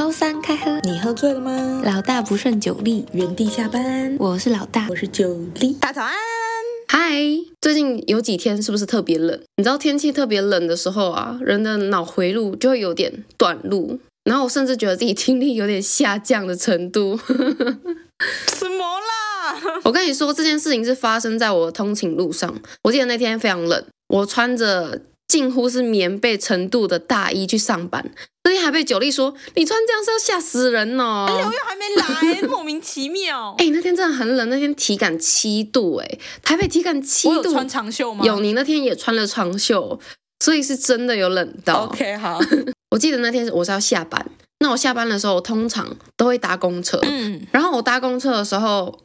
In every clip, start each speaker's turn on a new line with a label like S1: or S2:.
S1: 高三開喝，你喝醉了嗎？老大不勝酒力，原地下班。我是老大，我是酒力。大早安，嗨！最近有幾天是不是特別冷？你知道天氣特別冷的時候啊，人的腦回路就會有點短路，然後我甚至覺得自己聽力有點下降的程度。 什麼啦？ 我跟你說，這件事情是發生在我通勤路上。我記得那天非常冷，我穿着。近乎是棉被程度的大衣去上班，那天還被九力說，你穿這樣是要嚇死人哦。哎，劉月還
S2: 沒來，莫名其妙。
S1: 哎、 欸，那天真的很冷，那天體感七度、欸，台北體感七度。我有穿長袖嗎？有，你那天也穿了長袖，所以是真的有冷到。OK，好。我記得那天我是要下班，那我下班的時候，我通常都會搭公車。嗯，然後我搭公車的時候。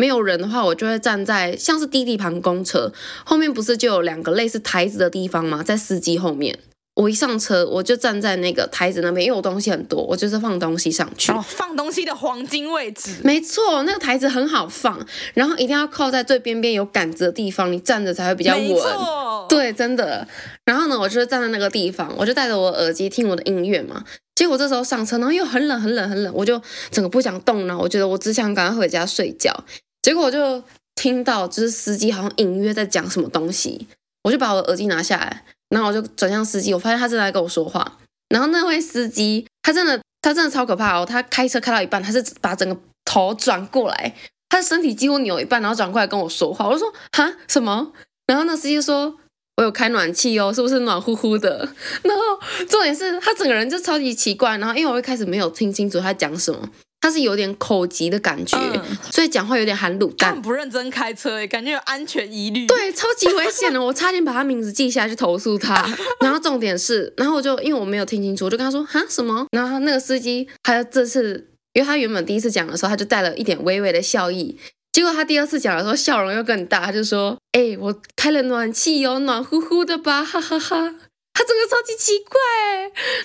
S1: 沒有人的話，我就會站在像是低底盤公車後面，不是就有兩個類似台子的地方嗎？在司機後面，我一上車，我就站在那個台子那邊，因為我東西很多，我就是放東西上去。哦，放
S2: 東西的黃金位置，
S1: 沒錯，那個台子很好放，然後一定要靠在最邊邊有杆子的地方，你站着才會比較穩。沒錯。對，真的。然後呢，我就是站在那個地方，我就戴着我的耳機聽我的音樂嘛。結果這時候上車，然後又很冷，很冷，很冷，我就整個不想動了，我覺得我只想趕快回家睡覺。結果我就聽到，就是司機好像隱約在講什麼東西，我就把我的耳機拿下來，然後我就轉向司機，我發現他正在跟我說話。然後那位司機，他真的，他真的超可怕哦！他開車開到一半，他是把整個頭轉過來，他的身體幾乎扭一半，然後轉過來跟我說話。我就說：“哈什麼？”然後那司機說：“我有開暖氣哦，是不是暖乎乎的？”然後重點是，他整個人就超級奇怪。然後因為我一開始沒有聽清楚他講什麼。他是有點口吃的感覺、嗯，所以講話有點含滷蛋。
S2: 不認真開車、欸，感覺有安全
S1: 疑慮。對，超級危險的， 我差點把他名字記下來去投訴他。 然後重點是，然後我就因為我沒有聽清楚，我就跟他說哈什麼？然後那個司機他這次，因為他原本第一次講的時候，他就帶了一點微微的笑意。結果他第二次講的時候，笑容又更大，他就說哎、 欸，我開了暖氣喲、哦，暖乎乎的吧，哈哈哈，哈。他真的超級奇怪，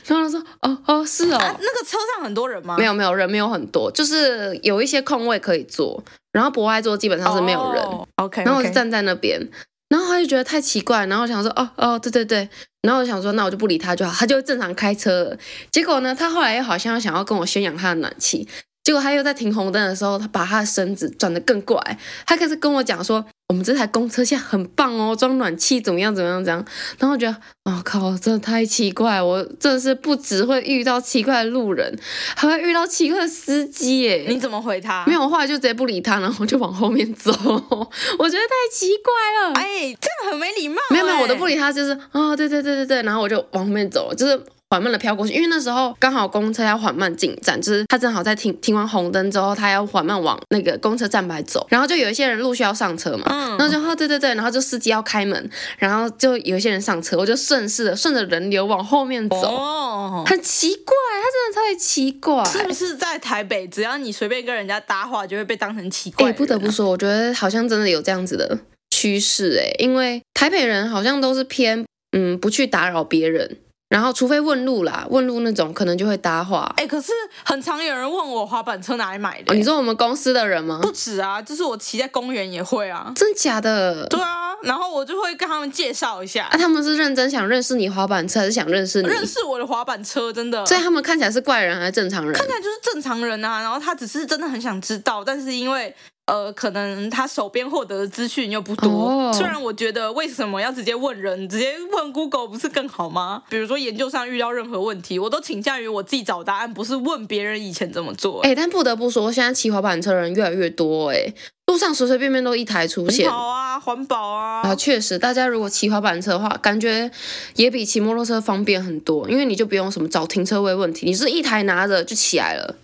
S1: 然後他說：“哦哦，是哦、啊，那個
S2: 車上很多人嗎？沒有，沒有
S1: 人，沒有很多，就是有一些空位可以坐。然後博愛座基本上是沒有人、oh，OK, okay。然後我就站在那邊，然後他就覺得太奇怪，然後我想說：哦哦，對對對。然後我想說，那我就不理他就好，他就正常開車了。結果呢，他後來又好像想要跟我宣揚他的暖氣，結果他又在停紅燈的時候，他把他的身子轉得更過來，他開始跟我講說。”我們這台公車現在很棒哦，裝暖氣怎麼樣？怎麼樣？這樣，然後我覺得，我、哦、靠，真的太奇怪了，我真的是不只會遇到奇怪的路人，還會遇到奇怪的司機誒。你
S2: 怎麼回他？沒
S1: 有話就直接不理他，然後就往後面走。
S2: 我覺得太奇怪了。哎，真的很沒禮貌、欸。沒有沒有，我都不理他，就是
S1: 啊，對、哦、對對對對，然後我就往後面走了，就是。緩慢的飄過去，因為那時候剛好公車要緩慢進站，就是他正好在停停完紅燈之後，他要緩慢往那個公車站牌走，然後就有一些人陸續要上車嘛，嗯，然後就哦對對對，然後就司機要開門，然後就有一些人上車，我就順勢的順着人流往後面走。哦，很奇怪，他真的太奇
S2: 怪，是不是在台北？只要你隨便跟人家搭話，就會被當成奇怪的人啊？欸。不
S1: 得不說，我覺得好像真的有這樣子的趨勢哎，因為台北人好像都是偏嗯不去打擾別人。然後，除非問路啦，問路那種可能就會搭話。哎、欸，可
S2: 是很常有人問我滑板車哪裡買的、
S1: 欸哦？你說我們公司的人嗎？不
S2: 止啊，就是我騎在
S1: 公園也會啊。真假的？對啊，
S2: 然後我就會跟他們介紹一下。那、
S1: 啊、他們是認真想認識你滑板車，還是想認識你？認
S2: 識我的滑板車，真的。所以他們
S1: 看起來是怪人還是正常人？看起
S2: 來就是正常人啊，然後他只是真的很想知道，但是因為。呃，可能他手邊獲得的資訊又不多。Oh. 雖然我覺得，為什麼要直接問人？直接問 Google 不是更好嗎？比如說研究上遇到任何問題，我都傾向於我自己找答案，不是問別人以前怎麼做。欸。哎、欸，但不
S1: 得不說，現在騎滑板車的人越來越多欸，哎，路上隨隨便便都一台出現。很好啊，環保啊。啊，確實，大家如果騎滑板車的話，感覺也比騎摩托車方便很多，因為你就不用什麼找停車位問題，你是一台拿着就起來了。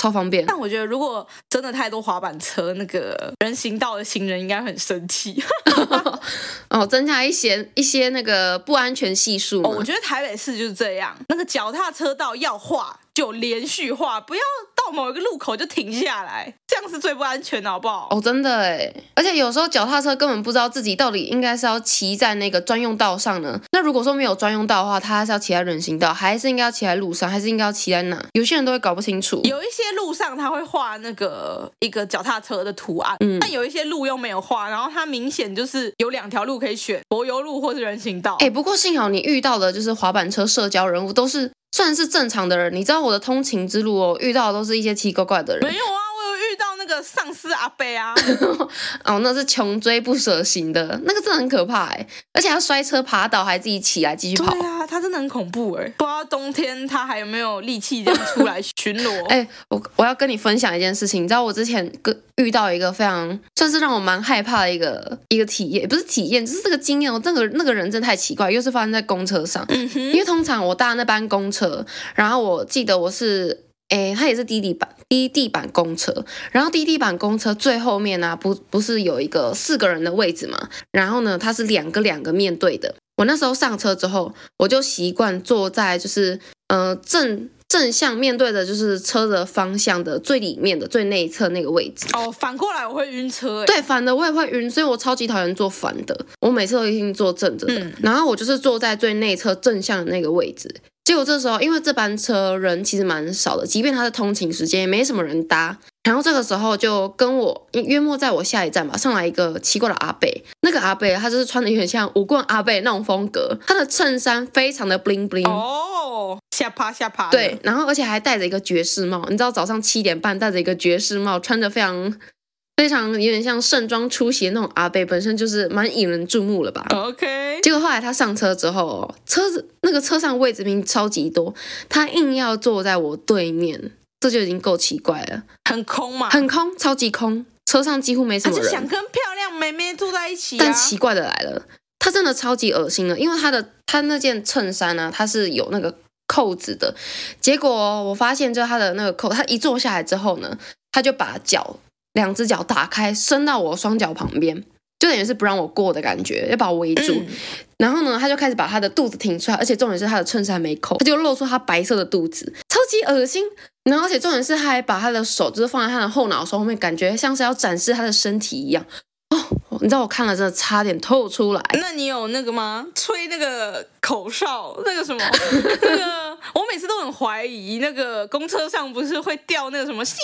S1: 超方便，
S2: 但我覺得如果真的太多滑板車，那個人行道的行人應該很生氣。
S1: 哦，哦，增加一些一些那個不安全係數。哦，我覺得台北市就是這樣，那個腳踏車道要畫。就連
S2: 續畫，不要到某一個路口就停下來，這樣是最不安全的，好不好？
S1: 哦、oh,，真的哎。而且有時候腳踏車根本不知道自己到底應該是要騎在那個專用道上呢。那如果說沒有專用道的話，它是要騎在人行道，還是應該要騎在路上，還是應該要騎在哪兒？有些人都會搞不清楚。有
S2: 一些路上他會畫那個一個腳踏車的圖案、嗯，但有一些路又沒有畫，然後它明顯就是有兩條路可以選：柏油路或是人行道。哎、欸，不過
S1: 幸好你遇到的就是滑板車社交人物都是。算是正常的人，你知道我的通勤之路哦，遇到的都是一些奇奇怪怪的人。沒有
S2: 啊。這個喪
S1: 屍阿伯啊！ 哦，那是窮追不捨型的，那個真的很可怕哎！而且他摔車爬倒還自己起來繼續跑，對啊，他真的很恐怖哎！不知道冬天他還有沒有力氣這樣出來巡邏？ 哎，我我要跟你分享一件事情，你知道我之前跟遇到一個非常算是讓我蠻害怕的一個一個體驗，也不是體驗，就是這個經驗。我那個那個人真的太奇怪，又是發生在公車上。嗯哼，因為通常我搭那班公車，然後我記得我是哎，他也是滴滴吧。低地，地板公車，然後低地，地板公車最後面呢、啊，不不是有一個四個人的位置嘛。然後呢，它是兩個兩個面對的。我那時候上車之後，我就習慣坐在就是，呃，正正向面對的，就是車的方向的最裡面的最內側那個位置。哦，
S2: 反過來我會暈車，欸，
S1: 哎，對，反的我也會暈，所以我超級討厭坐反的，我每次都一定坐正着的、嗯。然後我就是坐在最內側正向的那個位置。結果這時候，因為這班車人其實蠻少的，即便他是通勤時間，也沒什麼人搭。然後這個時候就跟我約莫在我下一站吧，上來一個奇怪的阿伯。那個阿伯，他就是穿的有點像舞棍阿伯那種風格，他的襯衫非常的 bling bling 哦、oh，下趴下趴對，然後而且還戴着一個爵士帽。你知道早上七點半戴着一個爵士帽，穿着非常，非常有點像盛裝出席的那種阿伯，本身就是蠻引人注目了吧？OK。結果後來他上車之後，車子那個車上位子明明超級多，他硬要坐在我對面，這就已經夠奇怪了。很空嘛？很空，超級空，車上幾乎沒什麼人。他就想跟漂亮妹妹坐在一起、啊。但奇怪的來了，他真的超級惡心了，因為他的他那件襯衫呢、啊，他是有那個扣子的。結果、哦、我發現，就是他的那個扣，他一坐下來之後呢，他就把他腳。兩隻腳打開，伸到我雙腳旁邊，就等於是不讓我過的感覺，要把我圍住。嗯。然後呢，他就開始把他的肚子挺出來，而且重點是他的襯衫沒扣，他就露出他白色的肚子，超級噁心。然後，而且重點是他還把他的手就是放在他的後腦勺後面，感覺像是要展示他的身體一樣。哦，你知道我看了真的差點透出來。
S2: 那你有那個嗎？吹那個口哨，那個什麼， 那個我每次都很懷疑。那個公車上不是會掉那個什麼性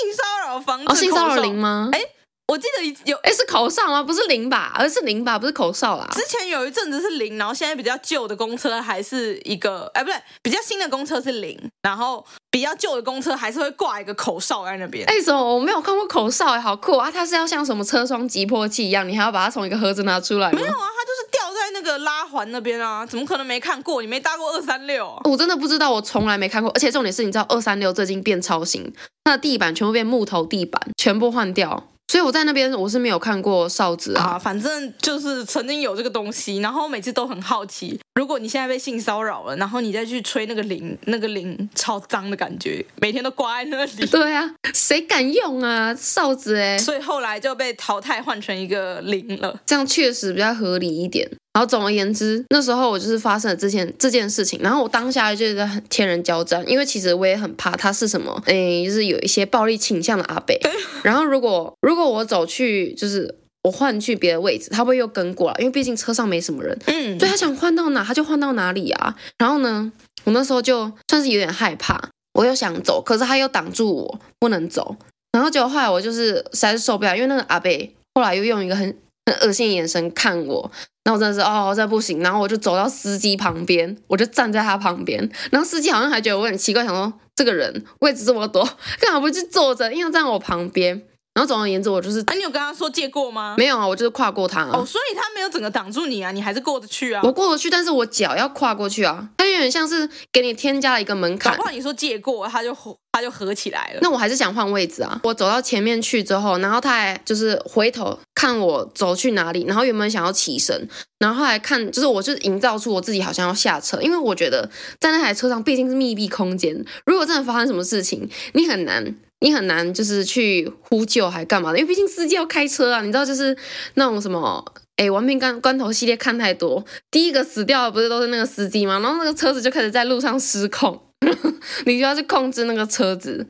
S2: 騷擾防、哦、性騷擾鈴嗎？
S1: 哎，我記得有，哎是口哨嗎？不是鈴吧？而是鈴吧？不是口哨啦。之
S2: 前有一陣子是鈴，然後
S1: 現在比較舊的
S2: 公車還是一個，哎不對，比較新的公車是鈴，然後。比較舊的公車還是會掛一個口哨在那邊，為、欸、
S1: 什麼我沒有看過口哨、欸？哎，好酷啊，啊！它是要像什麼車窗急迫器一樣，你還要把它從一個盒子拿出來？沒有
S2: 啊，它就是吊在那個拉環那邊啊，怎麼可能
S1: 沒看過？你沒
S2: 搭過二三六？
S1: 我真的不知道，我從來沒看過。而且重點是，你知道二三六最近變超新，它的地板全部變木頭地板，全部換掉。所以我在那邊我是沒有看過哨子啊，啊，
S2: 反正就是曾經有這個東西，然後每次都很好奇。如果你現在被性騷擾了，然後你再去吹那個鈴，那個鈴超髒的感覺，
S1: 每天都掛在那裡。對啊，誰敢用啊，哨子欸。所
S2: 以後來就被淘
S1: 汰，換成一個鈴了。這樣確實比較合理一點。然後總而言之，那時候我就是發生了這件這件事情。然後我當下就是在天人交戰，因為其實我也很怕他是什麼，誒、呃，就是有一些暴力傾向的阿伯。然後如果如果我走去，就是我換去別的位置，他會又跟過來，因為畢竟車上沒什麼人，嗯，所以他想換到哪他就換到哪裡啊。然後呢，我那時候就算是有點害怕，我又想走，可是他又擋住我不能走。然後就後來我就是實在是受不了，因為那個阿伯後來又用一個很，很噁心的眼神看我，然後我真的是哦，這不行，然後我就走到司機旁邊，我就站在他旁邊，然後司機好像還覺得我很奇怪，想說這個人位置這麼多，幹嘛不去坐着，硬要站我旁邊。然後總而言之，我就是，啊，你有跟他說借過嗎？沒有啊，我就是跨過他。哦，所
S2: 以他沒有整個擋住你啊，你還是過得去啊。我過
S1: 得去，但是我腳要跨過去啊。他有點像是給你添加了一個門檻。不過
S2: 你說借過，他就他就合
S1: 起來了。那我還是想換位置啊。我走到前面去之後，然後他還就是回頭看我走去哪裡，然後原本想要起身，然後後來看就是我就營造出我自己好像要下車，因為我覺得在那台車上畢竟是密閉空間，如果真的發生什麼事情，你很難。你很難就是去呼救還幹嘛的，因為畢竟司機要開車啊，你知道就是那種什麼，誒、欸，玩命干關頭系列看太多，第一個死掉的不是都是那個司機嗎？然後那個車子就開始在路上失控， 你就要去控制那個車子，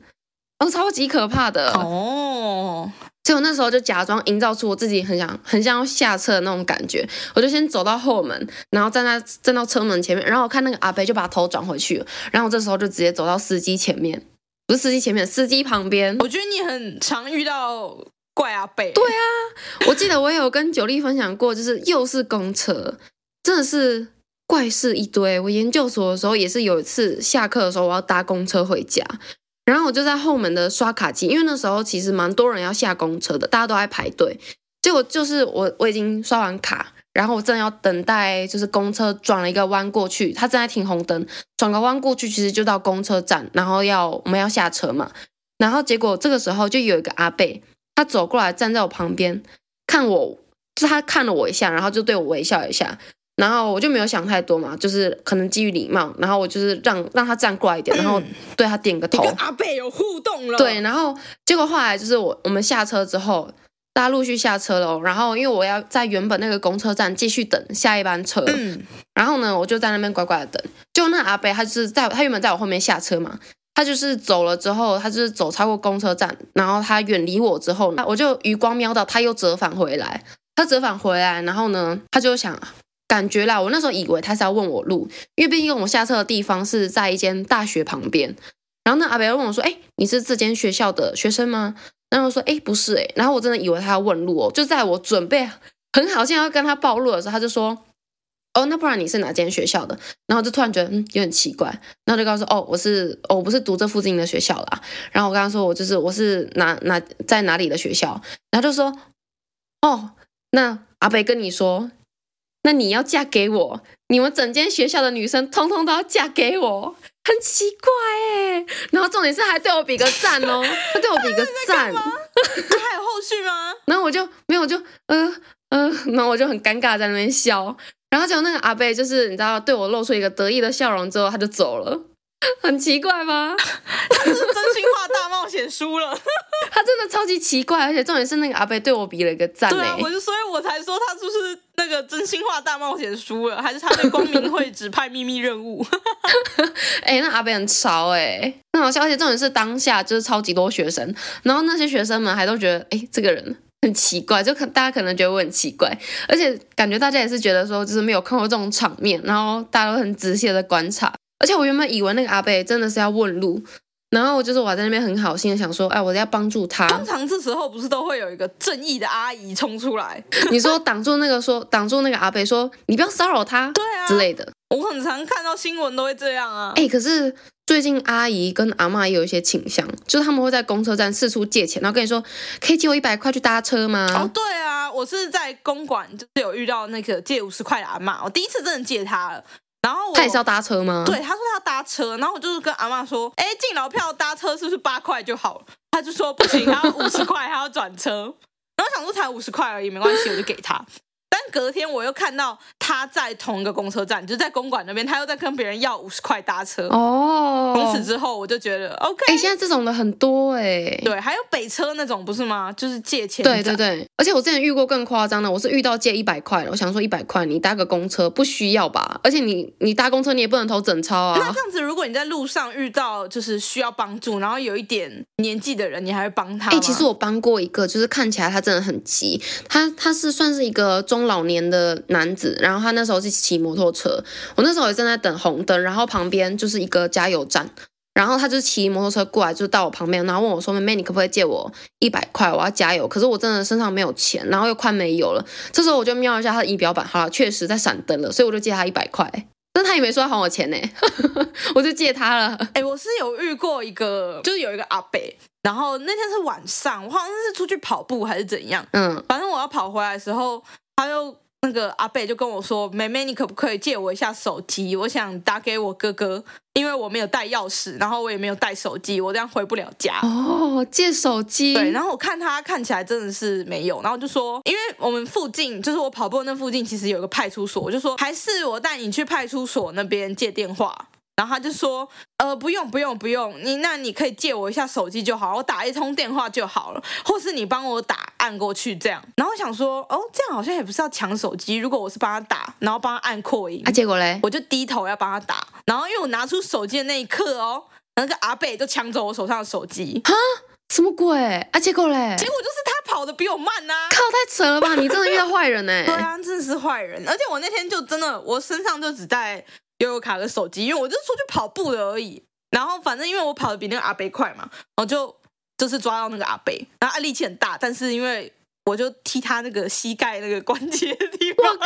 S1: 哦，超級可怕的哦。就、oh. 那時候就假裝營造出我自己很想很想要下車的那種感覺，我就先走到後門，然後站在站到車門前面，然後我看那個阿伯就把頭轉回去了，然後我這時候就直接走到司機前面。不是司機前面，司機旁邊。我
S2: 覺得你很常遇到怪
S1: 阿伯。對啊，我記得我有跟九莉分享過，就是又是公車，真的是怪事一堆。我研究所的時候也是有一次下課的時候，我要搭公車回家，然後我就在後門的刷卡機，因為那時候其實蠻多人要下公車的，大家都在排隊。結果就是我我已經刷完卡。然後我正要等待，就是公車轉了一個彎過去，他正在停紅燈，轉個彎過去其實就到公車站，然後要我們要下車嘛。然後結果這個時候就有一個阿伯，他走過來站在我旁邊，看我，就他看了我一下，然後就對我微笑一下。然後我就沒有想太多嘛，就是可能基於禮貌，然後我就是讓讓他站過來一點，然後對他點個頭。跟阿伯有互動了。對，然後結果後來就是我我們下車之後。大家陸續下車了，然後因為我要在原本那個公車站繼續等下一班車，嗯，然後呢，我就在那邊乖乖的等。就那阿伯，他就是在他原本在我後面下車嘛，他就是走了之後，他就是走超過公車站，然後他遠離我之後，我就餘光瞄到他又折返回來，他折返回來，然後呢，他就想，感覺啦，我那時候以為他是要問我路，因為畢竟我下車的地方是在一間大學旁邊，然後那阿伯又問我說：“誒，你是這間學校的學生嗎？”然後說，誒，不是誒。然後我真的以為他要問路哦，就在我準備很好，像要跟他報路的時候，他就說，哦，那不然你是哪間學校的？然後就突然覺得，嗯，有點奇怪。然後就告訴說哦，我是、哦，我不是讀這附近的學校啦。然後我剛剛說我就是我是哪哪在哪裡的學校。然後就說，哦，那阿伯跟你說，那你要嫁給我，你們整間學校的女生通通都要嫁給我。很奇怪哎、欸，然後重點是還對我比個讚哦，他對我比個讚，他還有後續嗎？ 然後我就沒有，就嗯嗯、呃呃，然後我就很尷尬在那邊笑，然後就那個阿伯，就是你知道，對我露出一個得意的笑容之後，他就走了。很奇怪嗎？他
S2: 是真心話大冒險輸了 ，
S1: 他真的超級奇怪，而且重點是那個阿伯對我比了一個讚、欸、對我、啊、就
S2: 所以我才說他就是那個真心話大冒險輸了，還是他的光明會指派秘密任務？
S1: 哎、 欸，那阿伯很潮哎、欸，那好笑，而且重點是當下就是超級多學生，然後那些學生們還都覺得哎、欸、這個人很奇怪，就可大家可能覺得我很奇怪，而且感覺大家也是覺得說就是沒有看過這種場面，然後大家都很仔細的觀察。而且我原本以為那個阿伯真的是要問路，然後我就是我在那邊很好心的想說，哎，我要幫助他。通
S2: 常這時候不是都會有一個正義的阿姨衝出來，
S1: 你說擋住那個說，說擋住那個阿伯，說你不要騷擾他，對啊之類的。
S2: 我很常看到新聞都會這樣啊。哎，可
S1: 是最近阿姨跟阿嬤也有一些傾向，就是他們會在公車站四處借錢，然後跟你說可以借我一百塊去搭車嗎？哦，對啊，
S2: 我是在公館就是有遇到那個借五十塊的阿嬤，我第一次真的借他了。然後
S1: 我，他也是要搭車嗎？對，他
S2: 說他要搭車，然後我就是跟阿嬤說，哎，敬老票搭車是不是八塊就好？他就說不行，他要五十塊， 他要轉車。然後想說才五十塊而已，沒關係，我就給他。 但隔天我又看到他在同一個公車站，就是，在公館那邊，他又在跟別人要五十塊搭車。哦、oh.，從此之後我就覺得，OK，哎，現
S1: 在這種的很多哎。
S2: 對，還有北車那種不是嗎？就是借錢。對對對，
S1: 而且我之前遇過更誇張的，我是遇到借一百塊的，我想說一百塊你搭個公車不需要吧？而且你你搭公車你也不能投整鈔啊。那這
S2: 樣子，如果你在路上遇到就是需要幫助，然後有一點年紀的人，你還會幫他嗎？哎，其實
S1: 我幫過一個，就是看起來他真的很急，他他是算是一個中。中老年的男子，然後他那時候是騎摩托車，我那時候也正在等紅燈，然後旁邊就是一個加油站，然後他就騎摩托車過來，就到我旁邊，然後問我說：“妹妹，你可不可以借我一百塊？我要加油。”可是我真的身上沒有錢，然後又快沒有了。這時候我就瞄了一下他的儀表板，好了，確實在閃燈了，所以我就借他一百塊。但他也沒說他還我錢呢、欸， 我
S2: 就借他了。哎、欸，我是有遇過一個，就是有一個阿伯，然後那天是晚上，我好像是出去跑步還是怎樣，嗯，反正我要跑回來的時候。他就那個阿伯就跟我說：“妹妹，你可不可以借我一下手機？我想打給我哥哥，因為我沒有帶鑰匙，然後我也沒有帶手機，我這樣回不了家。”哦，借手機。對，然後我看他看起來真的是沒有，然後我就說：“因為我們附近，就是我跑步那附近，其實有個派出所，我就說還是我帶你去派出所那邊借電話。”然後他就說：“呃，不用，不用，不用，你那你可以借我一下手機就好，我打一通電話就好了，或是你幫我打按過去這樣。”然後我想說：“哦，這樣好像也不是要搶手機。如果我是幫他打，然後幫他按擴音。”啊，結果嘞，我就低頭要幫他打，然後因為我拿出手機的那一刻哦，那個阿伯就搶走我手上的手機。
S1: 哈，什麼鬼？啊，結果嘞，結
S2: 果就是他跑得比我慢吶、啊！靠，太扯了吧！你真的遇到壞人呢、欸？ 對啊，真的是壞人。而且我那天就真的，我身上就只帶。又有卡個手機，因為我就是出去跑步了而已。然後反正因為我跑的比那個阿伯快嘛，然後就就是抓到那個阿伯。然後力氣很大，但是因為我就踢他那個膝蓋那個關節的地方。我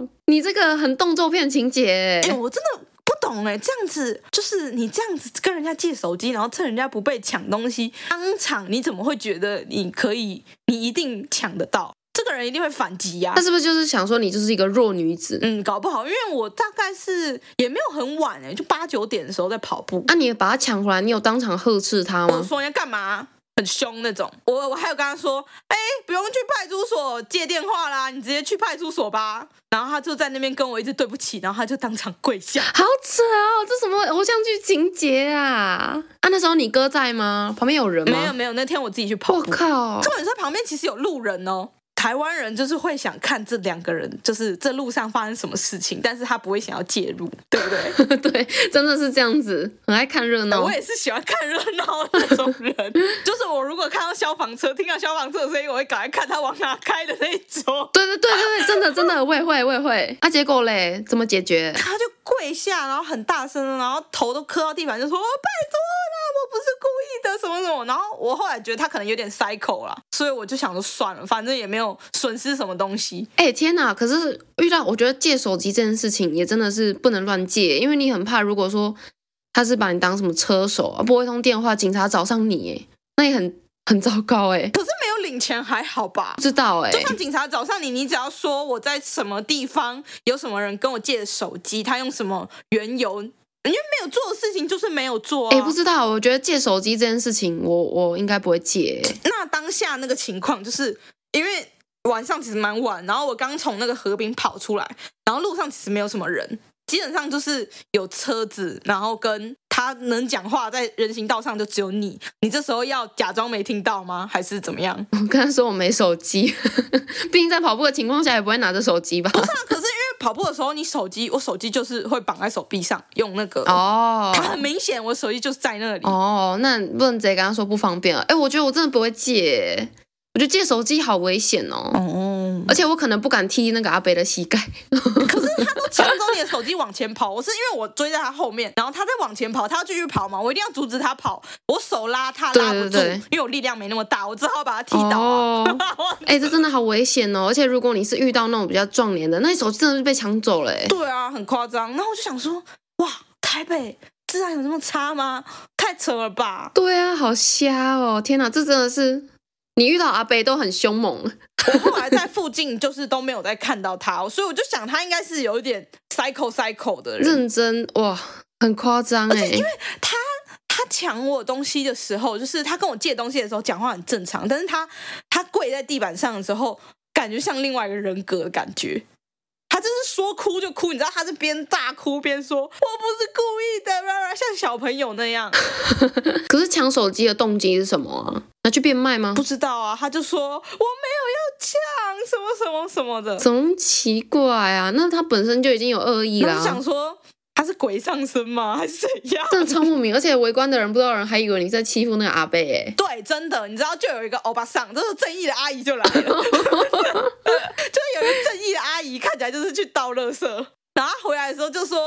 S2: 靠！
S1: 你這個很動作片情節、
S2: 欸。我真的不懂哎、欸，這樣子就是你這樣子跟人家借手機，然後趁人家不備搶東西，當場你怎麼會覺得你可以，你一定搶得到？個人一定會反擊呀、啊，他是不是就
S1: 是想說你就是一個弱女子？嗯，搞不好，因為我大概是也沒有很晚哎、欸，就八九點的時候在跑步。那、啊、你也把他搶回來，你有當場呵斥他嗎？
S2: 我說你要幹嘛，很凶那種。我我還有跟他說，哎、欸，不用去派出所接電話啦，你直接去派出所吧。然後他就在那邊跟我一直對不起，然後他就當場
S1: 跪下。好扯哦，這什麼偶像劇情節啊？啊，那時候你哥在嗎？旁邊有人嗎？嗯、沒有沒有，那天我自己去跑步。我靠，根
S2: 本是旁邊其實有路人哦。台灣人就是會想看這兩個人，就是這路上發生什麼事情，但是他不會想要介入，對不對？
S1: 對，真的是這樣子，很愛看熱鬧、啊。我也
S2: 是喜歡看熱鬧那種人， 就是我如果看到消防車，聽到消防車的聲音，我會趕快看他往哪開的那
S1: 種。對 對對對對，真的真的，我也會，我也會。啊，結果嘞，怎麼解決？他就，
S2: 跪下，然後很大聲，然後頭都磕到地板，就說拜託了，我不是故意的，什麼什麼。然後我後來覺得他可能有點 psycho 了，所以我就想說算了，反正也沒有損失什麼東西。
S1: 哎、欸，天哪！可是遇到我覺得借手機這件事情也真的是不能亂借，因為你很怕如果說他是把你當什麼車手撥一通電話，警察找上你耶，那也很很糟糕。哎，可是。
S2: 錢還好吧？不知道哎、欸。就像警察找上你，你只要說我在什麼地方，有什麼人跟我借手機，他用什麼緣由，因為沒有做的事情就是沒有做啊。哎、欸，不知道。
S1: 我覺得借手機這件事情我，我我應該不會借、欸。
S2: 那當下那個情況，就是因為晚上其實蠻晚，然後我剛從那個河邊跑出來，然後路上其實沒有什麼人，基本上就是有車子，然後跟。他能講話，在人行道上就只有你。你這時候要假裝沒聽到嗎？還是怎麼樣？
S1: 我跟他說我沒手機， 畢竟在跑步的情況下也不會拿着手機吧？不是啊，可
S2: 是因為跑步的時候，你手機，我手機就是會綁在手臂上，用那個。哦、
S1: oh.。他很
S2: 明顯，我手機就是在那裡。
S1: 哦、oh,，那不能直接跟他說不方便啊。哎，我覺得我真的不會借。我覺得借手機好危險哦，而且我可能不敢踢那個阿伯的膝蓋。
S2: 可是他都搶走你的手機往前跑，我 是因為我追在他後面，然後他在往前跑，他要繼續跑嘛，我一定要阻止他跑，我手拉
S1: 他拉不住，對對對對因
S2: 為我力量沒那麼大，我只好把他
S1: 踢倒啊、哦。哎、 欸，這真的好危險哦，而且如果你是遇到那種比較壯年的，那你手機真的是被搶走了、欸。對
S2: 啊，很誇張。然後我就想說，哇，台北治安有那麼差嗎？太扯了吧。
S1: 對啊，好瞎哦，天哪，這真的是。你遇到阿伯都很兇猛， 我
S2: 後來在附近就是都沒有再看到他、哦，所以我就想他應該是有一點 psycho psycho 的人，認
S1: 真。哇，很誇張哎！而且因為
S2: 他他搶我東西的時候，就是他跟我借東西的時候講話很正常，但是他他跪在地板上的時候，感覺像另外一個人
S1: 格的感覺。
S2: 他就是說哭就哭，你知道他是邊大哭邊說：“我不是故意的，像小朋友那樣。
S1: ”可是搶手機的動機是什麼啊？拿去變賣嗎？不知道啊，他就說我沒有要搶，什麼什麼什麼的，真奇怪啊。那他本身就已經有惡意了啊。我就想說。他是鬼上身嗎？
S2: 還是怎樣？
S1: 真的超不明，而且圍觀的人不知道，人還以為你在欺負那個阿伯。耶。
S2: 對，真的，你知道就有一個歐巴桑，就是正義的阿姨就來了， 就有一個正義的阿姨看起來就是去倒垃圾，然後回來的時候就說：“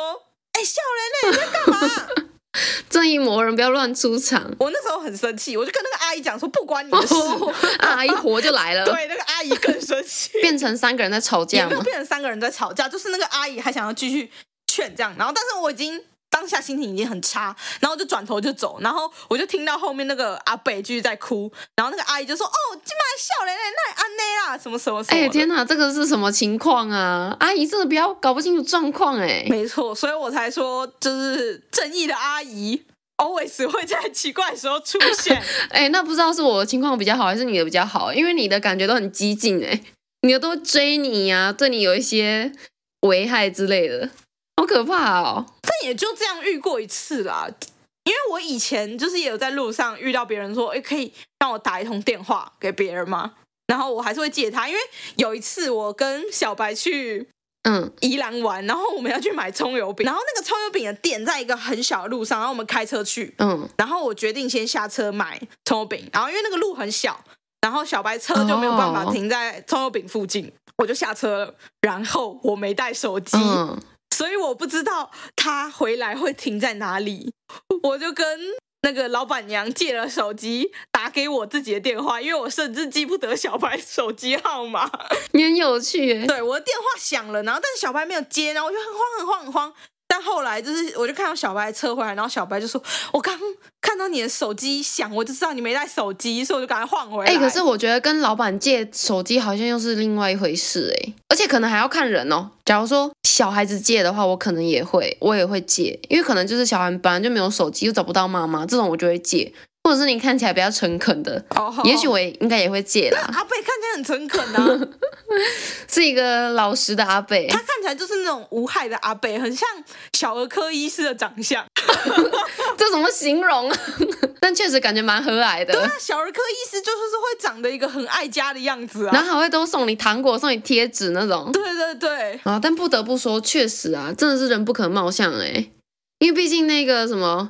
S2: 哎，少年欸，你在幹
S1: 嘛？ 正義魔人不要亂出場。”我那
S2: 時候很生氣，我就跟那個阿姨講說：“不關你的事。 啊”阿姨活就來了，對那個阿姨更生氣，
S1: 變成三個人在吵架嗎？沒有
S2: 變成三個人在吵架，就是那個阿姨還想要繼續。勸這樣，然後但是我已經當下心情已經很差，然後就轉頭就走，然後我就聽到後面那個阿伯繼續在哭，然後那個阿姨就說：“哦、oh，今來笑臉那也安奈啦，什麼什麼什麼。欸”哎，天哪，這個是什
S1: 麼情況啊？阿姨真的比較搞不清楚狀況哎、欸。沒錯，所以我才說，就是正義的阿姨
S2: always 會在奇怪的時候出
S1: 現。哎、 欸，那不知道是我的情況比較好，還是你的比較好？因為你的感覺都很激進、欸，哎，你的都會追你呀、啊，對你有一些危害之類的。好可怕
S2: 哦！這也就這樣遇過一次啦，因為我以前就是也有在路上遇到別人說：“哎，可以讓我打一通電話給別人嗎？”然後我還是會借，他因為有一次我跟小白去宜蘭玩，然後我們要去買蔥油餅，然後那個蔥油餅的店在一個很小的路上，然後我們開車去嗯，然後我決定先下車買蔥油餅，然後因為那個路很小，然後小白車就沒有辦法停在蔥油餅附近，哦、我就下車了，然後我沒帶手機。嗯所以我不知道他回來會停在哪裡，我就跟那個老闆娘借了手機打給我自己的電話，因為我甚至記不得小白手機號碼。你很有趣，對，我的電話響了，然後但是小白沒有接，然後我就很慌很慌很慌。但後來就是，我就看到小白車回來，然後小白就說：“我剛看到你的手機響，我就知道你沒帶手機，所以我就趕快換回來。欸”誒，可是我
S1: 覺得跟老闆借手機好像又是另外一回事誒、欸、而且可能還要看人哦。假如說小孩子借的話，我可能也會，我也會借，因為可能就是小孩本來就沒有手機，又找不到媽媽，這種我就會借。或者是你看起來比較誠懇的，oh, oh, oh. 也許我應該也會借。的阿
S2: 北看起來很誠懇啊，
S1: 是一個老實的阿北。他
S2: 看起來就是那種無害的阿北，很像小兒科醫師的長相。
S1: 這怎麼形容？ 但確實感覺蠻和藹的。對啊，小兒科醫師就是是會長得一個很愛家的樣子啊，然後還會都送你糖果，送你貼紙那種。對對對,對啊，但不得不說，確實啊，真的是人不可貌相哎、欸，因為畢竟那個什麼。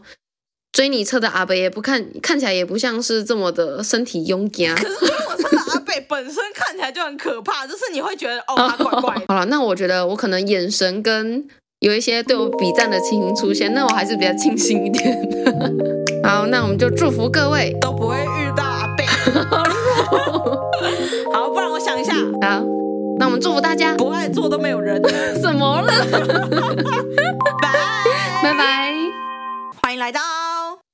S1: 追你車的阿伯也不看看起來也不像是這麼的身體臃腫，可
S2: 是追我車的阿伯本身看起來就很可怕，就
S1: 是你會覺得哦,哦他怪怪的。好了，那我覺得我可能眼神跟有一些對我比讚的情形出現，那我還是比較清醒一點。 好，那我們就祝福各位都不會遇到阿伯。 好，不然我想一下好，那我們祝福大家不愛坐都沒有人， 什麼了？拜拜拜。Bye bye 歡迎來到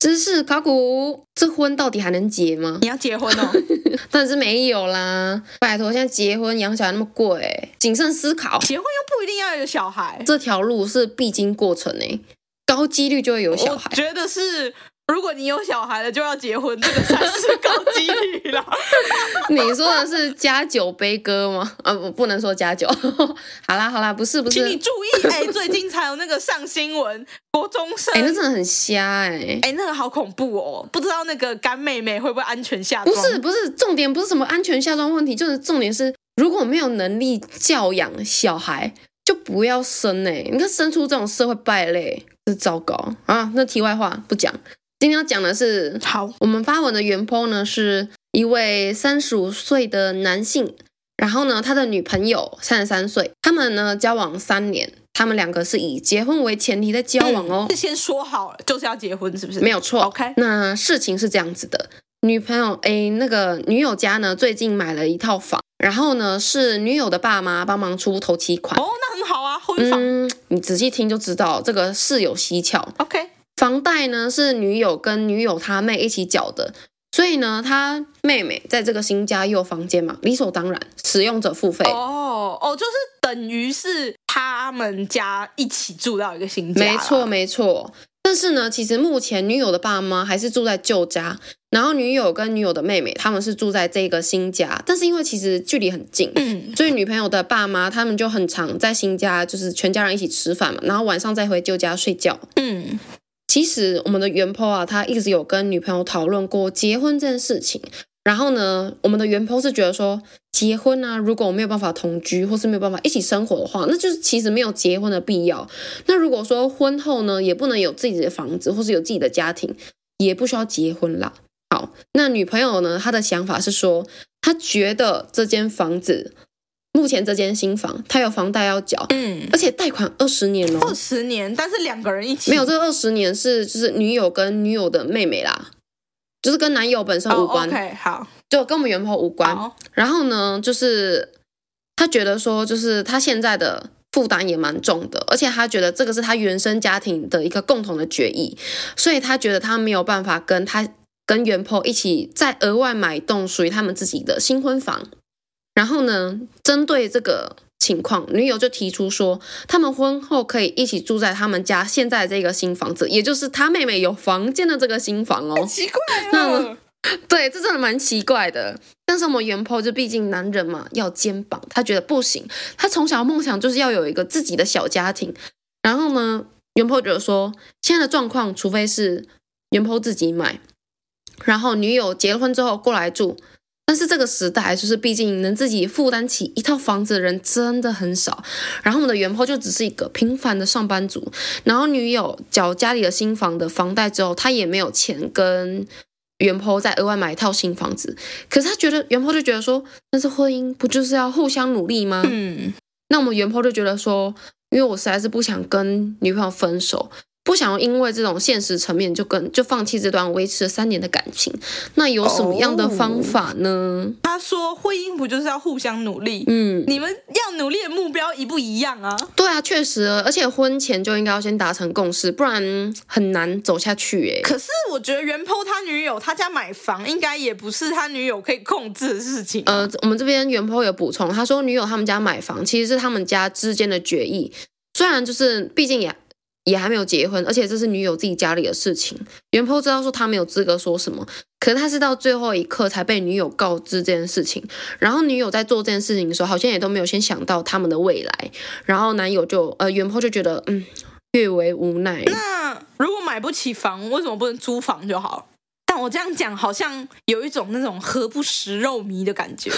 S1: 知識考古。這婚到底還能結嗎？你要結婚哦， 但是沒有啦。拜托，現在結婚養小孩那麼貴、欸，謹慎思考。結婚又不一定要有小孩，這條路是必經過程呢、欸，高幾率就會有小
S2: 孩。我覺得是。如果你有小孩了就要結婚，這、那個才是
S1: 高機率啦。 你說的是加酒杯歌嗎？啊，不，不能說加酒。 好啦，好啦，不是不是，請你注意，哎、 欸，最
S2: 近才有那個上新聞，國中生，哎、欸，那真的
S1: 很瞎、欸，哎，哎，那個好恐怖哦，
S2: 不知道那個乾妹妹會不會安全下莊。不是
S1: 不是，重點不是什麼安全下莊問題，就是重點是，如果沒有能力教養小孩，就不要生哎、欸。你看生出這種社會敗類，是糟糕啊。那題外話不講。今天要講的是，好，我們發文的原 p 呢是一位三十五歲的男性，然後呢他的女朋友三十三歲，他們呢交往三年，他們兩個是以結婚為前提的交往哦，
S2: 事、嗯、先說好就是要結婚是不是？沒有錯，OK。
S1: 那事情是這樣子的，女朋友哎那個女友家呢最近買了一套房，然後呢是女友的爸媽幫忙出頭期款，哦那很好啊，婚房、嗯，你仔細聽就知道這個事有蹊蹺，OK。房貸呢是女友跟女友她妹一起繳的，所以呢，她妹妹在這個新家又有房間嘛，理所當然使用者付費。
S2: 哦哦，就是等於是他們家一起住到一個新家。沒錯
S1: 沒錯，但是呢，其實目前女友的爸媽還是住在舊家，然後女友跟女友的妹妹他們是住在這個新家，但是因為其實距離很近，嗯，所以女朋友的爸媽他們就很常在新家，就是全家人一起吃飯嘛，然後晚上再回舊家睡覺，嗯。其實我們的原 PO 啊，他一直有跟女朋友討論過結婚這件事情。然後呢，我們的原 PO 是覺得說，結婚呢、啊，如果我沒有辦法同居，或是沒有辦法一起生活的話，那就是其實沒有結婚的必要。那如果說婚後呢，也不能有自己的房子，或是有自己的家庭，也不需要結婚啦。好，那女朋友呢，她的想法是說，她覺得這間房子。目前這間新房，他有房貸要繳，嗯，而且貸款二十年哦，二十年，但是
S2: 兩個人一起沒有，這二十
S1: 年是就是女友跟女友的妹妹啦，就是跟男友本身無關，對、oh, okay, 好，就跟我們原 PO 無關。Oh. 然後呢，就是他覺得說，就是他現在的負擔也蠻重的，而且他覺得這個是他原生家庭的一個共同的決議，所以他覺得他沒有辦法跟他跟原 PO 一起再額外買一棟屬於他們自己的新婚房。然後呢，針對這個情況，女友就提出說，他們婚後可以一起住在他們家現在這個新房子，也就是他妹妹有房間的這個新房哦。奇怪啊！對，這真的蠻奇怪的。但是我們原 po 就畢竟男人嘛，要肩膀，他覺得不行。他從小夢想就是要有一個自己的小家庭。然後呢，原 po 覺得說，現在的狀況，除非是原 po 自己買，然後女友結婚之後過來住。但是這個時代，就是畢竟能自己負擔起一套房子的人真的很少。然後我們的原 PO 就只是一個平凡的上班族。然後女友繳家裡的新房的房貸之後，他也沒有錢跟原 PO 再額外買一套新房子。可是他覺得原 PO 就覺得說，但是婚姻不就是要互相努力嗎？嗯，那我們原 PO 就覺得說，因為我實在是不想跟女朋友分手。不想要因為這種現實層面就跟就放棄這段維持了三年的感情，那有什麼樣的方法呢？哦、
S2: 他說，婚姻不就是要互相努力？嗯，你們要努力的目標一不一樣啊？
S1: 對啊，確實，而且婚前就應該要先達成共識，不然很難走下去。欸。哎，可
S2: 是我覺得原 PO 他女友他家買
S1: 房，應該也不是他女友可以控制的事情啊。呃，我們這邊原 PO 有補充，他說女友他們家買房其實是他們家之間的決議，雖然就是畢竟也。也還沒有結婚，而且這是女友自己家裡的事情。原 PO 知道說他沒有資格說什麼，可是他是到最後一刻才被女友告知這件事情。然後女友在做這件事情的時候，好像也都沒有先想到他們的未來。然後男友就呃，原 PO 就覺得嗯，略為無奈。那
S2: 如果買不起房，為什麼不能租房就好？
S1: 我這樣講好
S2: 像有一種那種何不食肉糜的感覺，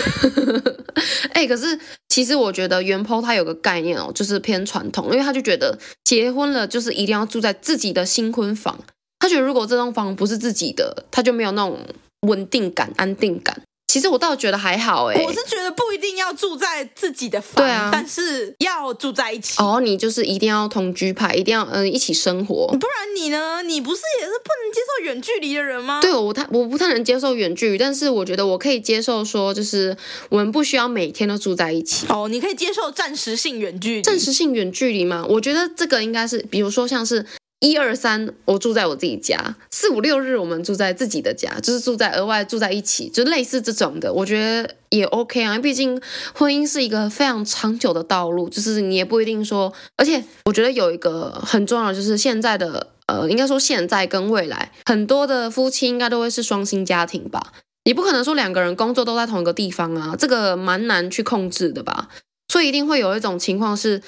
S1: 哎、 欸，可是其實我覺得原 PO 他有個概念哦，就是偏傳統，因為他就覺得結婚了就是一定要住在自己的新婚房，他覺得如果這棟房不是自己的，他就沒有那種穩定感、安定感。其實我倒覺得還好哎、欸，我是
S2: 覺得不一定要住在自己的房，對啊，但是
S1: 要住在一起哦。Oh, 你就是一定要同居派，一定要嗯一起生活，
S2: 不然你呢？你不是也是不能接受遠距離的人嗎？
S1: 對、哦，我太我不太能接受遠距離，但是我覺得我可以接受說，就是我們不需要每天都住在一起。哦、oh,，你可以接受暫時性遠距離，暫時性遠距離嗎？我覺得這個應該是，比如說像是。一二三，我住在我自己家；四五六日，我們住在自己的家，就是住在額外住在一起，就是、類似這種的，我覺得也 OK 啊。因為畢竟婚姻是一個非常長久的道路，就是你也不一定說。而且我覺得有一個很重要的，就是現在的呃，應該說現在跟未來，很多的夫妻應該都會是雙薪家庭吧。你不可能說兩個人工作都在同一個地方啊，這個蠻難去控制的吧。所以一定會有一種情況是。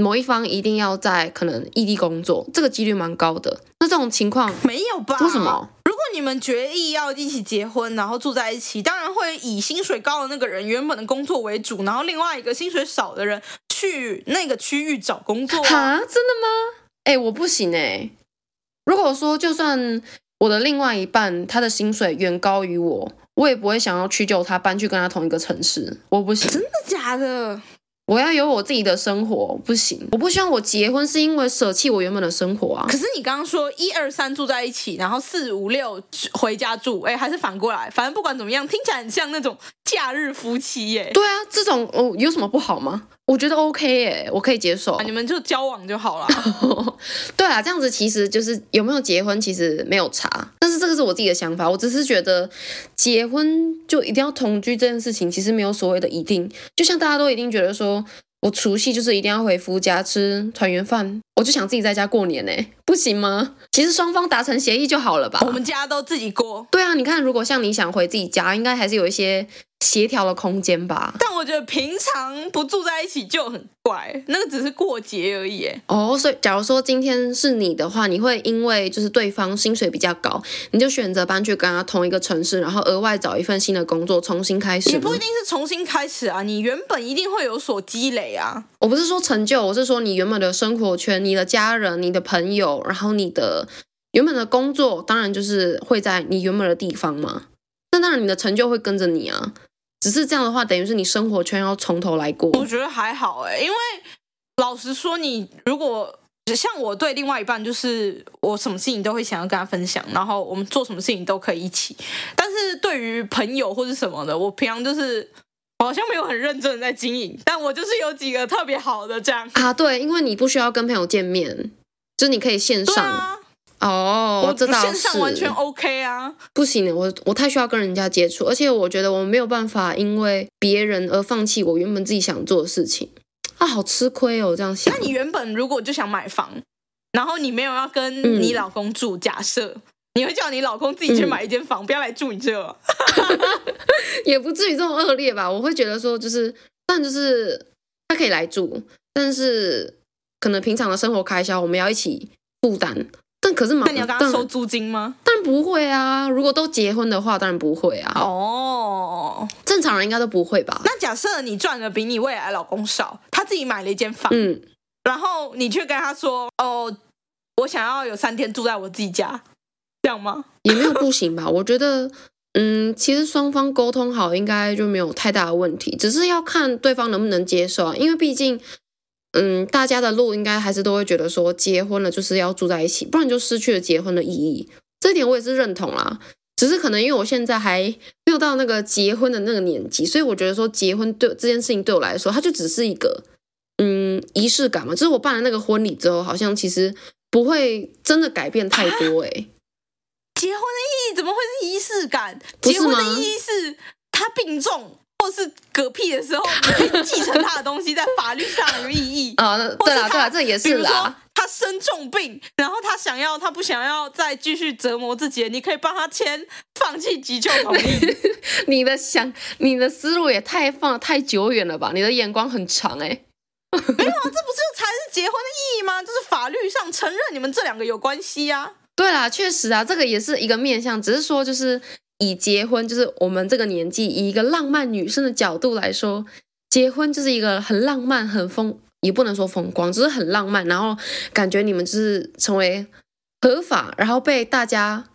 S1: 某一方一定要在可能異地工作，這個幾率蠻高的。那這種情況沒有吧？為什麼？
S2: 如果你們決意要一起結婚，然後住在一起，當然會以薪水高的那個人原本的工作為主，然後另外一個薪水少的人去那個區域找工作哈，真的嗎？
S1: 哎、欸，我不行哎、欸。如果說就算我的另外一半他的薪水遠高於我，我也不會想要屈就他搬去跟他同一個城市。我不行，真的假的？我要有我自己的生活，不行，我不希望我結婚是因為捨棄我原本的生活啊。可是
S2: 你剛剛說一二三住在一起，然後四五六回家住，哎、欸，還是反過來，反正不管怎麼樣，聽起來很像那種假日夫妻耶。對啊，這
S1: 種哦，有什麼不好嗎？我覺得 OK 誒、欸，我可以接受，啊，你
S2: 們就交往就好了。
S1: 對啊，這樣子其實就是有沒有結婚，其實沒有差。但是這個是我自己的想法，我只是覺得結婚就一定要同居這件事情，其實沒有所謂的一定。就像大家都一定覺得說我除夕就是一定要回夫家吃團圓飯，我就想自己在家過年呢，欸，不行嗎？其實雙方達成協議就好了吧。我們家都自己過。對啊，你看，如果像你想回自己家，應該還是有一些協調的空間吧，
S2: 但我覺得平常不住在一起就很怪。那個只是過節而已耶，
S1: 哦，所以假如說今天是你的話，你會因為就是對方薪水比較高，你就選擇搬去跟他同一個城市，然後額外找一份新的工作，重新開始。也不一定
S2: 是重新開始啊，你原本一定會有所積累啊。
S1: 我不是說成就，我是說你原本的生活圈、你的家人、你的朋友，然後你的原本的工作，當然就是會在你原本的地方嘛。那當然，你的成就會跟着你啊。只是這樣的話，等於是你生活圈要從頭來過。我
S2: 覺得還好哎，因為老實說，你如果像我對另外一半，就是我什麼事情都會想要跟他分享，然後我們做什麼事情都可以一起。但是對於朋友或是什麼的，我平常就是好像沒有很認真的在經營，但我就是有幾個特別好的這樣
S1: 啊，對，因為你不需要跟朋友見面，就是你可以線上。哦、oh，我知道，線上完全 OK 啊！不行，我我太需要跟人家接觸，而且我覺得我沒有辦法因為別人而放棄我原本自己想做的事情。啊，好吃虧哦，這樣想。那你原
S2: 本如果就想買房，然後你沒有要跟你老公住，嗯、假設你會叫你老公自己去、嗯、去買一間房，不要來住，你這
S1: 也不至於這麼惡劣吧？我會覺得說，就是但就是他可以來住，但是可能平常的生活開銷我們要一起負擔。
S2: 但可是嘛，那你要跟他收租金嗎？但，
S1: 但不會啊，如果都結婚的話，當然不會啊。哦、oh.，正常人應該都不會吧？那
S2: 假設你賺的比你未來老公少，他自己買了一間房，嗯，然後你卻跟他說：“哦，我想要有三天住在我自己家，
S1: 這樣嗎？”也沒有不行吧？ 我覺得，嗯，其實雙方溝通好，應該就沒有太大的問題，只是要看對方能不能接受啊，因為畢竟。嗯，大家的路應該還是都會覺得說，結婚了就是要住在一起，不然就失去了結婚的意義。這一點我也是認同啦。只是可能因為我現在還沒有到那個結婚的那個年紀，所以我覺得說結婚對這件事情對我來說，它就只是一個嗯儀式感嘛。就是我辦了那個婚禮之後，好像其實不會真的改變太多哎、欸
S2: 啊。結婚的意義怎麼會是儀式感？不是嗎？結婚的意義是他病重。是嗝屁的時候你可以繼承他的東西在法律上有意義
S1: 啊,那對啊，或者了、啊啊、這也是啦。
S2: 他生重病，然後他想要他不想要再繼續折磨自己，你可以幫他簽放棄急救
S1: 同意。 你的想你的思路也太放太久遠了吧？你的眼光很長哎、欸。
S2: 沒有啊，這不是才是結婚的意義嗎？就是法律上承認你們這兩個有關係啊。
S1: 對啦、啊，確實啊，這個也是一個面向，只是說就是。以結婚就是我們這個年紀，以一個浪漫女生的角度來說，結婚就是一個很浪漫、很風，也不能說風光，只是很浪漫。然後感覺你們就是成為合法，然後被大家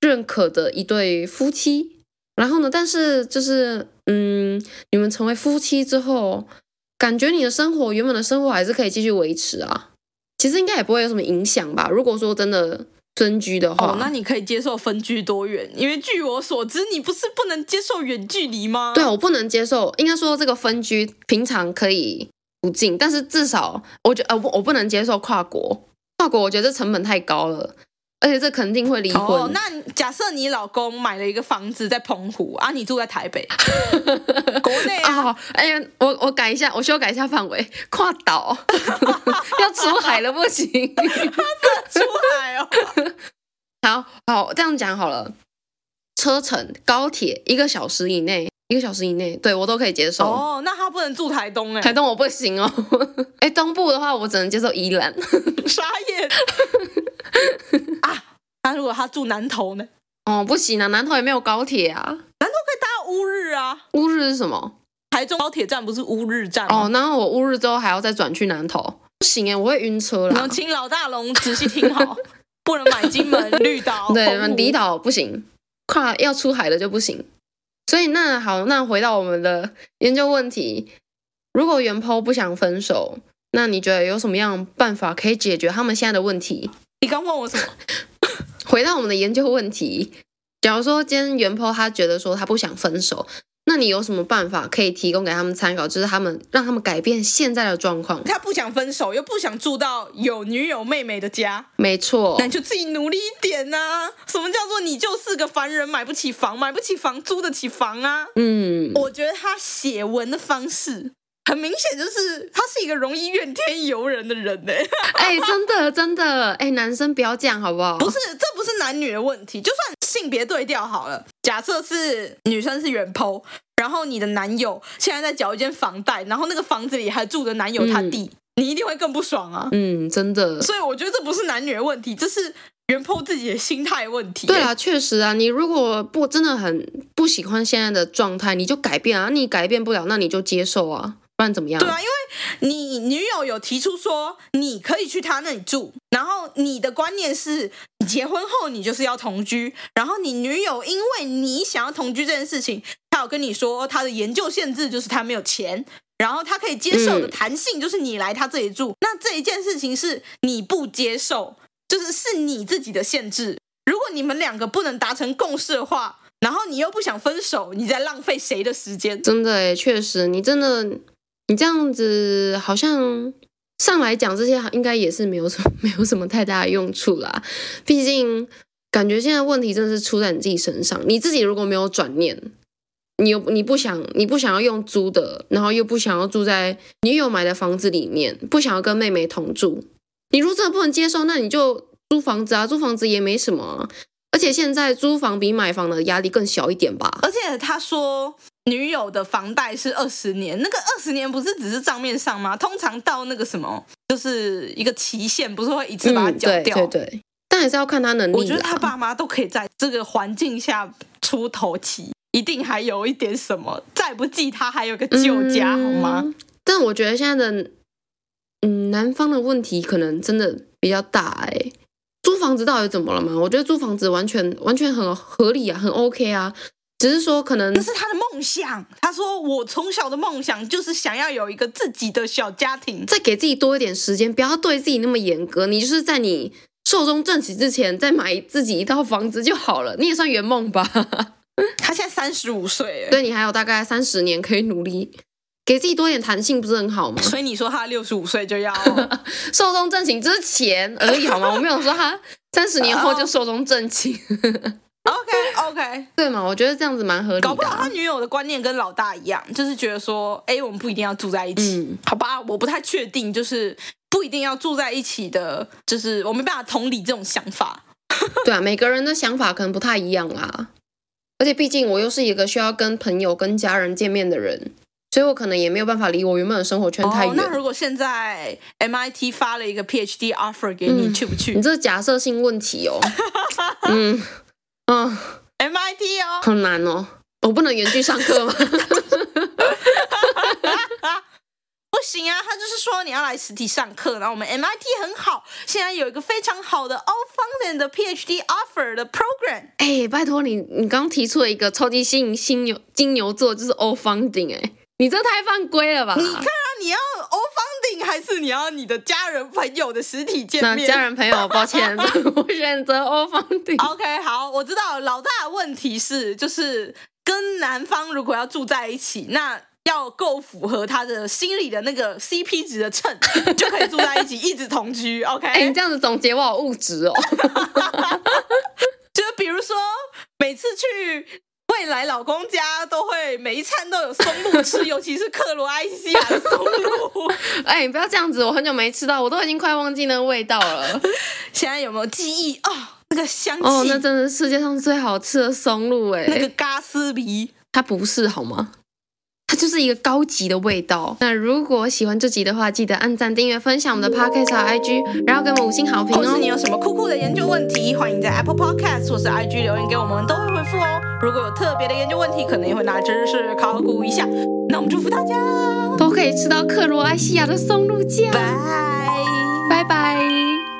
S1: 認可的一對夫妻。然後呢，但是就是，嗯，你們成為夫妻之後，感覺你的生活原本的生活還是可以繼續維持啊。其實應該也不會有什麼影響吧？如果說真的。分居的話、哦，那
S2: 你可以接受分居多遠？因為據我所知，你不是不能接受遠距離嗎？對、啊，
S1: 我不能接受。應該說，這個分居平常可以不近，但是至少，我覺呃，我我不能接受跨國。跨國，我覺得這成本太高了。而且這肯定會離婚。Oh,
S2: 那假設你老公買了一個房子
S1: 在澎湖啊，你住在台北， 國內啊？哎、哦、呀、欸，我我改一下，我修改一下範圍，跨島 要出海了不行， 他不能出海哦。 好，好，這樣講好了，車程高鐵一個小時以內，一個小時以內，對我都可以接受。哦、
S2: oh，那他不能住台東哎、欸，台東我
S1: 不行哦。哎、 欸，東部的話，我只能接受宜蘭， 傻眼。 啊，那、啊，如果他住南投呢？哦，不行啊，南投也沒有高鐵啊。南投可以搭烏日啊。烏日是什麼？
S2: 台中高鐵站不是烏日站
S1: 哦，那我烏日之後還要再轉去南投，不行哎，我會暈車了、嗯。請老大龍仔細聽好， 不能買金門 綠島，對，們鼻島不行，跨要出海的就不行。所以那好，那回到我們的研究問題，如果元剖不想分手，那你覺得有什麼樣辦法可以解決他們現在的問題？你剛問我什麼？ 回到我們的研究問題，假如說今天原 PO 他覺得說他不想分手，那你有什麼辦法可以提供給他們參考？就是他們讓他們改變現在的狀況。
S2: 他不想分手，又不想住到有女友妹妹的家，
S1: 沒錯。那你就
S2: 自己努力一點吶、啊！什麼叫做你就是個凡人，買不起房，買不起房租得起房啊？
S1: 嗯，我
S2: 覺得他寫文的方式。很明顯，就是他是一個容易怨天尤人的人呢。哎，真
S1: 的，真的，哎、欸，男生不要這樣好不好？不是，
S2: 這不是男女的問題，就算性別對調好了，假設是女生是原 po，然後你的男友現在在繳一間房貸，然後那個房子裡還住着男友他弟、嗯，你一定會更不爽啊。
S1: 嗯，真的。
S2: 所以我覺得這不是男女的問題，這是原 po 自己的心態問題。對啊，確
S1: 實啊，你如果不真的很不喜歡現在的狀態，你就改變啊。你改變不了，那你就接受啊。不然怎麼樣？對
S2: 啊，因為你女友有提出說你可以去他那裡住，然後你的觀念是結婚後你就是要同居，然後你女友因為你想要同居這件事情，她有跟你說她的研究限制就是她沒有錢，然後她可以接受的彈性就是你來他這裡住，嗯，那這一件事情是你不接受，就是是你自己的限制。如果你們兩個不能達成共識的話，然後你又不想分手，你在浪費誰的時間？
S1: 真的耶，確實，你真的。你這樣子好像上來講這些，應該也是沒有什麼沒有什麼太大的用處啦。畢竟感覺現在問題真的是出在你自己身上。你自己如果沒有轉念，你又你不想你不想要用租的，然後又不想要住在女友買的房子裡面，不想要跟妹妹同住。你如果這不能接受，那你就租房子啊，租房子也沒什麼。而且現在租房比買房的壓力更小一點吧。
S2: 而且他說女友的房貸是二十年，那個二十年不是只是賬面上嗎？通常到那個什麼，就是一個期限，不是會一次把它繳掉？嗯、對
S1: 對對。但還是要看他能力。我覺得他爸
S2: 媽都可以在這個環境下出頭期，一定還有一點什麼。再不濟，他還有個舊家，好嗎、嗯？
S1: 但我覺得現在的，嗯，男方的問題可能真的比較大、欸，哎。房子到底怎麼了嘛？我覺得租房子完全完全很合理啊，很 OK 啊。只是說可能這是
S2: 他的夢想。他說：“我從小的夢想就是想要有一個自
S1: 己的小家庭。”再給自己多一點時間，不要對自己那麼嚴格。你就是在你壽終正寢之前再買自己一套房子就好了。你也算圓夢吧。
S2: 他現在三十五歲，
S1: 對，你還有大概三十年可以努力。給自己多一點彈性不是很好嗎？所以你說他六十五歲就要壽 終正寢之前而已好嗎？我沒有說他三十年後就壽終正寢。 Oh. OK OK，對嘛？我覺得這樣子蠻合理的啊。搞不好
S2: 他女友的觀念跟老大一樣，就是覺得說，哎，我們不一定要住在一起，嗯，好吧？我不太確定，就是不一定要住在一起的，就是我沒辦法同
S1: 理這種想法。 對啊，每個人的想法可能不太一樣啊。而且畢竟我又是一個需要跟朋友、跟家人見面的人。所以我可能也沒有辦法離我原本的生活圈太遠。哦。那如
S2: 果現在 MIT 發了一個 PhD offer 給你，嗯、去不去？你這是
S1: 假設性問題哦。 嗯
S2: 嗯，MIT 哦，很
S1: 難哦，我不能遠距上課嗎
S2: 不行啊，他就是說你要來實體上課。然後我們 MIT 很好，現在有一個非常好的 all funding 的 PhD offer 的 program。
S1: 哎，拜托你，你剛提出了一個超級吸引金牛金牛座，就是 all funding 哎、欸。你這太犯規了吧！你看啊，
S2: 你要 all funding 還是你要你的家人朋友的實體見面？那家人朋友，抱歉， 我選擇 all funding。OK，好，我知道老大的問題是就是跟男方如果要住在一起，那要夠符合他的心裡的那個 CP 值的秤， 就可以住在一起，一直同居。OK，哎、欸，你
S1: 這樣子總結我好物質哦。 就是比如
S2: 說，每次去。未
S1: 來老公家都會每一餐都有松露吃，尤其是克羅埃西亞的松露。哎、 欸，你不要這樣子，我很久沒吃到，我都已經快忘記那個味道了。現在有沒有記憶？哦，那個香氣哦，那真的是世界上最好吃的松露哎、欸，那個嘎斯皮，它不是好嗎？它就是一個高級的味道。那如果喜歡這集的話，記得按讚、訂閱、分享我們的 Podcast 和 IG，然後給我五星好評哦。或、哦、是你有什麼酷酷的研究問題，歡迎在 Apple Podcast 或是 IG 留言給我們，都會回復哦。如果有特
S2: 別的研究問題，可能也會拿知識考古一下。那我們祝福大家都可以吃到克羅埃西亞的松露醬。拜拜拜拜。Bye bye